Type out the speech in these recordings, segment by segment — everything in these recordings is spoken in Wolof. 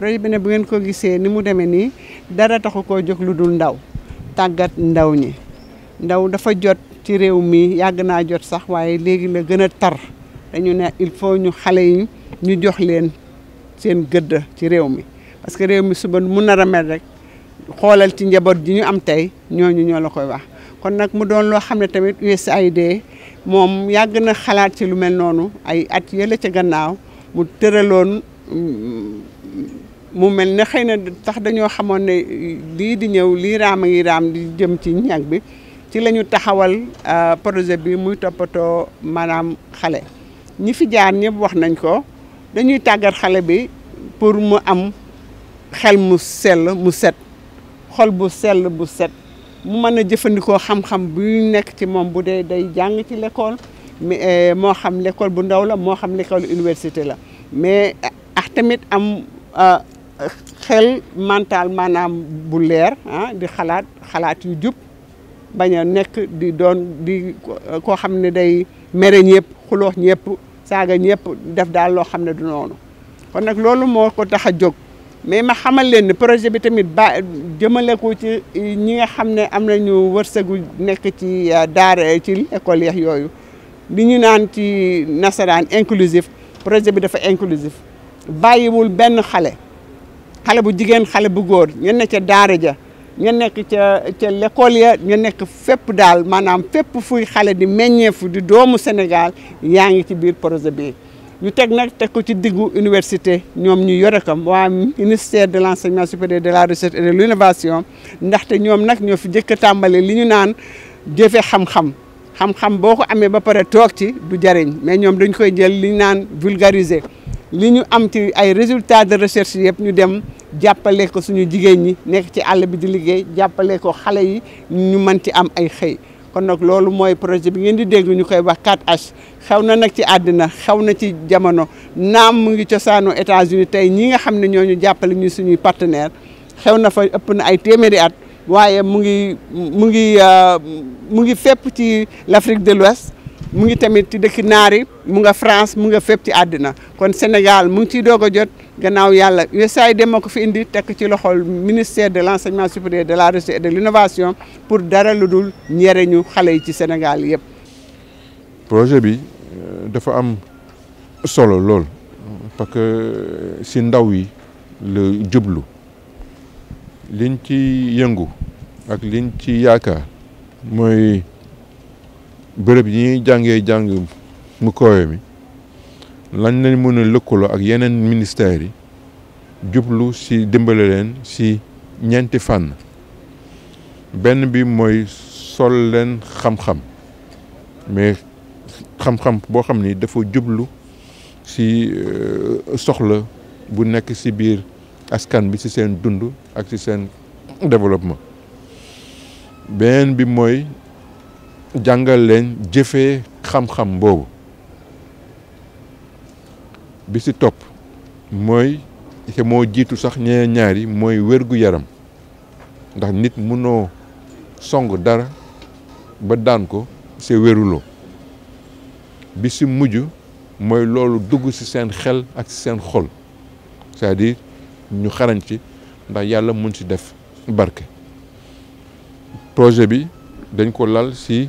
projet bi ne bu ngeen ko gisee ni mu demee nii dara taxu koo jóg lu dul ndaw tàggat ndaw ñi ndaw dafa jot ci réew mi yàgg naa jot sax waaye léegi la gën a tar dañu ne il faut ñu xale yi ñu jox leen seen gëdd ci réew mi parce que réew mi suba mun nar a mel rek xoolal ci njaboot ji ñu am tey ñooñu ñoo la koy wax kon nag mu doon loo xam ne tamit USAID moom yàgg na xalaat ci lu mel noonu ay at yële ca gannaaw mu tëraloon mm, mu mel ne xëy na tax dañoo xamoon ne lii di ñëw lii raam a ngi raam di jëm ci ñag bi ci la ñu taxawal euh, projet bi muy toppatoo maanaam xale ñi fi jaar ñëpp wax nañ ko dañuy tàggat xale bi pour mu am xel mu sell mu set xol bu sell bu set mu mën a jëfandikoo xam-xam buy nekk ci moom bu dee day jàng ci l'école mais euh, moo xam l'école bu ndaw la moo xam l'école université la mais euh, ak tamit am xel mental maanaam bu leer ah di xalaat xalaat yu jub bañ a nekk di doon di koo xam ne day mere ñëpp xuloox ñëpp saaga ñëpp def daal loo xam ne du noonu kon nag loolu moo ko tax a jóg mais ma xamal leen ne projet bi tamit ba jëmale ko ci ñi nga xam ne am nañu wërsëgu nekk ci euh, daara ci école yeex yooyu li ñu naan ci nasaraan inclusif projet bi dafa inclusif bàyyiwul benn xale xalé bu jigéen xalé bu goor ñu ne ci daara ja ñu nekk ci ci l'école ya ñu nekk daal manam fuy xalé di di doomu Sénégal ci biir projet université ministère de l'enseignement supérieur de la recherche et de l'innovation ndax ndaxte ñom nak ñofu jëk tambalé a li naan jëfé xam-xam mais dañ koy vulgariser li ñu am ci ay résultats de recherche yëpp ñu dem jàppale ko suñu jigéen ñi nekk ci àll bi di liggéey jàppale ko xale yi ñu mën ci am ay xëy kon nag loolu mooy projet bi ngeen di dégg ñu koy wax 4H xew na nag ci àddina xew na ci jamono naam mu ngi cosaanu États-Unis tey ñi nga xam ne ñoo ñu jàppale ñu suñuy partenaire xew na fa ëpp na ay téeméeri at waaye mu ngi mu ngi euh, mu ngi fépp ci l'Afrique de l'Ouest mu ngi tamit ci naar yi mu nga France mu nga fépp ci àddina kon Sénégal mu ngi ciy doog a jot gannaaw yàlla USAID moo ko fi indi tekk ci loxol ministère de l' enseignement supérieur de la recherche et de l' pour dara lu dul ñereñu xale yi ci Sénégal yëpp. projet bi euh, dafa am solo lool parce que euh, si ndaw yi la jublu liñ ci yëngu ak liñ ci yaakaar mooy. bërëb yi ñuy jàngee jàng mu kooyo mi lañ lañ mën a lëkkaloo ak yeneen ministères yi jublu si dimbale leen si ñeenti fànn benn bi mooy sol leen xam-xam mais xam-xam boo xam ni dafa jublu si euh, soxla bu nekk si biir askan bi si seen dund ak si seen développement beneen bi mooy jàngal leen jëfee xam-xam boobu bi ci topp mooy moo jiitu sax ñee ñaari mooy wérgu yaram ndax nit mënoo song dara ba daan ko se wéruloo bi si mujj mooy loolu dugg ci seen xel ak si seen xol cest à ñu xarañ ci ndax yàlla mun ci def barke projet bi dañ ko lal si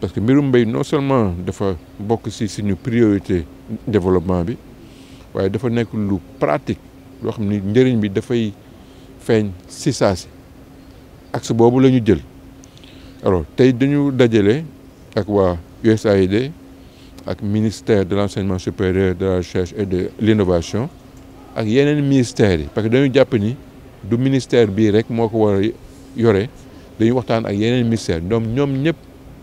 parce que mbirum mbéy non seulement dafa bokk ci une priorité développement bi waye dafa nek lu pratique loo xamni ndëriñ njëriñ bi dafay feeñ ci saasi axe boobu la ñu jël alors tay dañu dajalé ak wa USAID ak ministère de l'enseignement supérieur de la recherche et de l'innovation ak yenen ministère, parce que dañu japp ni du ministère bi rek moko wara yoré dañu waxtaan ak yenen ministère donc ñom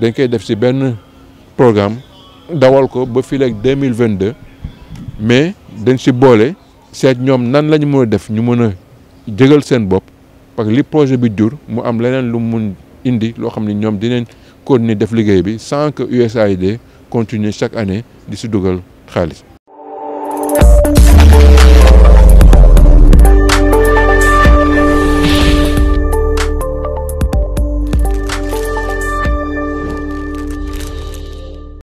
dañ koy def ci programme dawal ko ba fii 2022, mais dañ ci boole seet ñoom nan lañ a parce que li projet bi mu am lu indi loo xam ne dinañ continuer sans que USAID continue chaque année di